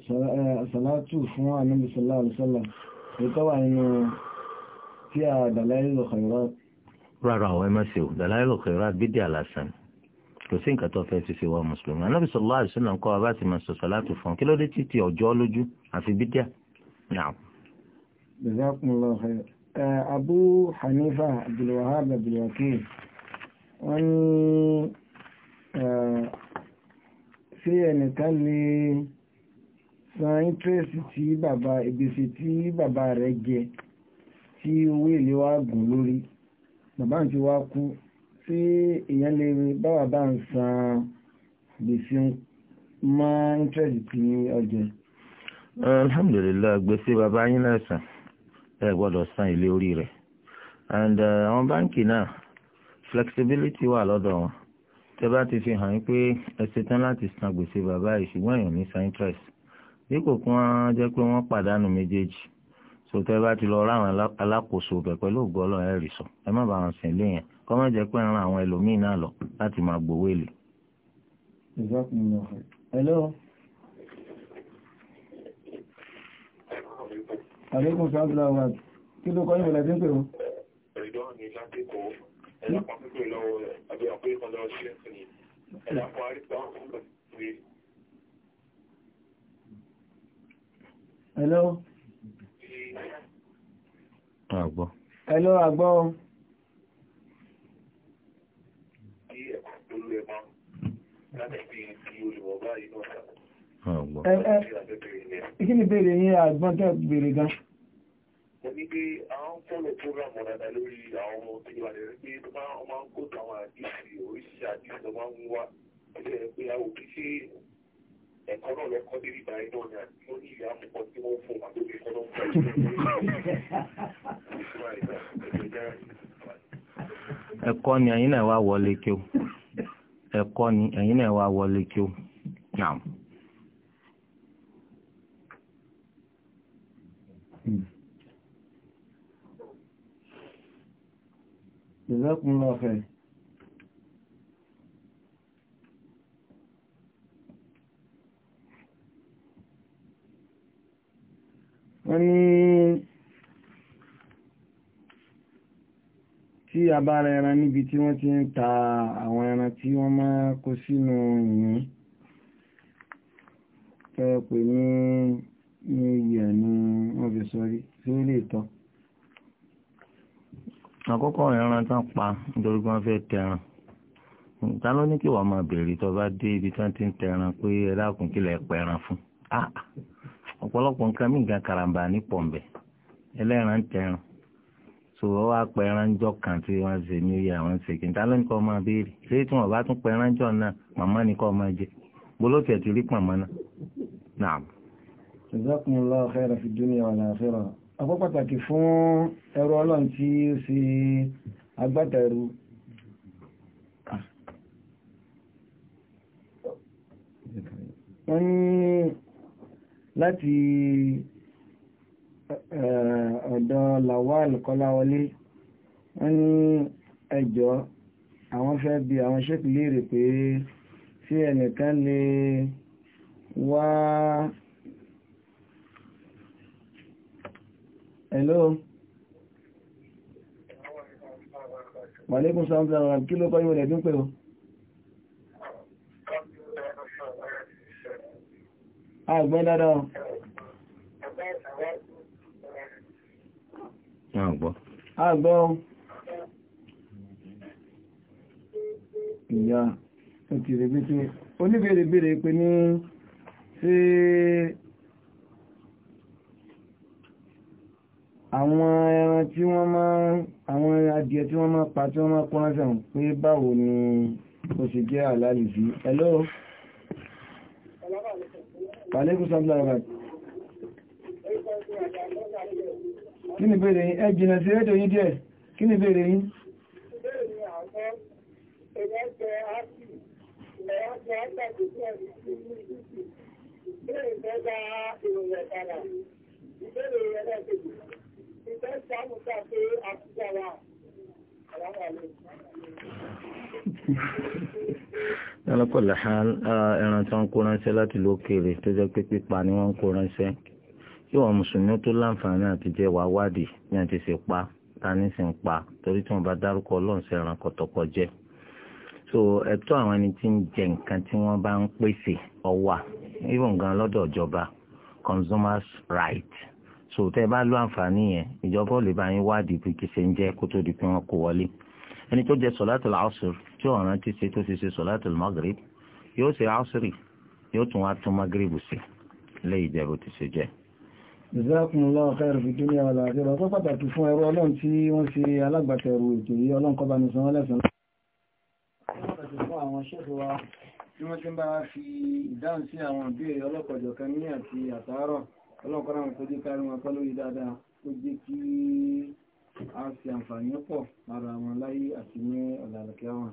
sàlátù fún ànábì sallallahu alaihi wasallam tó wà nínú tí a dalailul khairat rárá ọ̀ ẹ má ṣe ò dalailul khairat bídí àlàsàn kò sí nǹkan tó fẹ́ ti fi wá mùsùlùmí ànábì sallallahu alaihi wasallam kọ́ abá ti máa sọ sàlátù fún kí ló dé títí ọjọ́ lójú àfi bídí náà. jazakumullahu khair abu hanifa abdulwahab abdulwakil wọ́n ní ṣé ẹnìkan lè san íńtírẹ́sì tí bàbá ìgbèsè tí bàbá rẹ̀ jẹ tí owó èlé wa gùn lórí bàbá ń ti wá kú ṣé èèyàn lè bá bàbá ń san gbèsè mọ́ íńtírẹ́sì tí ọjọ́ alhamdulillah gbèsè bàbá yín lẹ́sàn ẹ gbọ́dọ̀ san ilé orí rẹ̀ and uh, àwọn báńkì náà flexibility wà lọ́dọ̀ wọn tẹ bá ti fi hàn yín pé ẹ ṣetán láti san gbèsè bàbá yìí ṣùgbọ́n èèyàn ní san interest dípò kí wọ́n jẹ́ pé wọ́n pàdánù méjèèjì so tẹ bá ti lọ ráwọn alákòóso bẹ̀ pẹ̀lú ògbọ́ lọ ẹ rì sọ ẹ má bàa sìn léèyàn kọ́ má jẹ́ pé ran àwọn ẹlòmíín náà lọ láti máa gbowó èlé. hello. aleykum salaam wa rahmatulah kí ló kọ́ yín wọlé tí ń pè ó. ẹ̀dọ́ ni ládé kò ẹ̀dá kan pípé lọ́wọ́ rẹ̀ àbí ọ̀pẹ́ kan lọ́wọ́ sí ẹ̀kọ́ ni ẹ̀dá kan àríkà ọ̀hún pẹ̀lú rẹ̀. Hello. Àgbọ́. Hello, àgbọ́. Kí ni béèrè yín àgbọ́n tẹ́ béèrè gan-an? mo ní pé àwọn fọ́lọ̀ program dáadáa lórí àwọn ọmọ tó yíwa rẹ̀ pé tó máa ń máa ń kó àwọn àdìsí oríṣi àdìsí tó máa ń wá ilé rẹ̀ pé àwọn òbí ṣe ẹ̀kọ́ náà lọ́kọ́ débi ìgbà iná ni àti ó ní ìyá àmúkọ tí wọ́n fún àti òbí kọ́ lọ́kọ́ ẹ̀kọ́ ni ẹ̀yin náà wá wọlé kí o ẹ̀kọ́ ni ẹ̀yin náà wá wọlé kí o náà. Jazakumullah khair. wọ́n ní tí a bá ra ẹran níbi tí wọ́n ti ń ta àwọn ẹran tí wọ́n máa kó sínú ìyìn tẹ́ pè ní ní ìyẹ̀ ni wọ́n fi sọ rí sí ilé ìtọ́ àkọ́kọ́ ẹran tán pa nítorí wọ́n fẹ́ tẹran ta ló ní kí wọ́n máa béèrè tó bá dé ibi tí wọ́n ti ń tẹran pé ẹ dákun kí lè pẹran fún ah, ọ̀pọ̀lọpọ̀ nǹkan mí nǹkan karambà ní pọ̀nbẹ ẹlẹ́ran ń tẹran so wọ́n wá pẹran jọ kan tí wọ́n ṣe ní oyè àwọn ṣe kí n ta ló ní kí wọ́n máa béèrè lẹ́yìn tí wọ́n bá tún pẹran jọ náà màmá ni kí wọ́n máa jẹ gbólóṣè ti rí pàmò náà. ṣùgbọ́n kùn lọ́ọ́ ọpọ́ pàtàkì fún ẹrú ọlọ́run tí ó ṣe agbátẹrù wọ́n ní láti ọ̀dọ̀ Lawal Kọ́láwọlé wọ́n ní ẹjọ́ àwọn fẹ́ bi àwọn ṣẹ́kù léèrè pé tí ẹnìkan lè wá. Wa... hello màlẹ́kùn sáàmùsàn ràn kí ló kọ́ ìwọ̀n ẹ̀dún pẹ̀lú àgbẹ́ dáadáa a àgbọ́ ìyá ó ti rẹ̀ bí tí oníbèrè bèrè pé ní sí àwọn ẹran tí wọ́n máa àwọn adìẹ tí wọ́n máa pa tí wọ́n máa kọ́ ránṣẹ́ hàn pé báwo ni ó ṣe jẹ́ àlàlì sí hello pàlékùn sábà rà kí ni bèèrè yín ẹ jìnà sí rédíò yín díẹ̀ kí ni bèèrè yín Ìbéèrè ìjọba ìròyìn ẹ̀dára. Ìbéèrè ìrẹ́lẹ́ ìjọba alákọ̀ọ́lẹ̀ ẹran tí wọ́n kó ránṣẹ́ láti lókèèrè tó jẹ́ pé pípa ni wọ́n kó ránṣẹ́ kí wọ́n mùsùlùmí tó láǹfààní àti jẹ́ wàá wádìí ní àti ṣe pa ta ní sì ń pa torí tí wọ́n bá dárúkọ ọlọ́run sí ẹran kọ̀tọ̀kọ̀ jẹ́ so ẹ̀tọ́ àwọn ẹni tí ń jẹ nǹkan tí wọ́n bá ń pèsè ọwà even gan lọ́dọ̀ ìjọba consumers right sòtẹ́ bá lo àǹfààní yẹn ìjọba ò lè bá yín wádìí bí kìí ṣe ń jẹ́ kó tó di pé wọ́n kó wọlé ẹni tó jẹ sọ̀látùl ásìr tí ọ̀ràn ti ṣe tó ti ṣe sọ̀látùl magrib yóò ṣe ásìrì yóò tún wá tún magrib ṣe lẹ́yìn ìjẹ́ bó ti ṣe jẹ́. Jazakumullahu khairan fid dunya wal akhirah ọ̀pọ̀ pàtàkì fún ẹrú ọlọ́run tí wọ́n ṣe alágbàtẹ̀rù ètò yìí ọlọ́run ìdáhùn sí àwọn ìbéèrè ọlọ́kọ̀jọ̀kan ní àti àtàárọ̀ ọlọ́kọ̀ọ́rọ̀ àwọn ìtọ́jú kárí wọn pẹ́ lórí dáadáa ó jẹ́ kí a ṣe àǹfààní pọ̀ lára wọn láyé àti ní ọ̀làlẹ̀kẹ́ wọn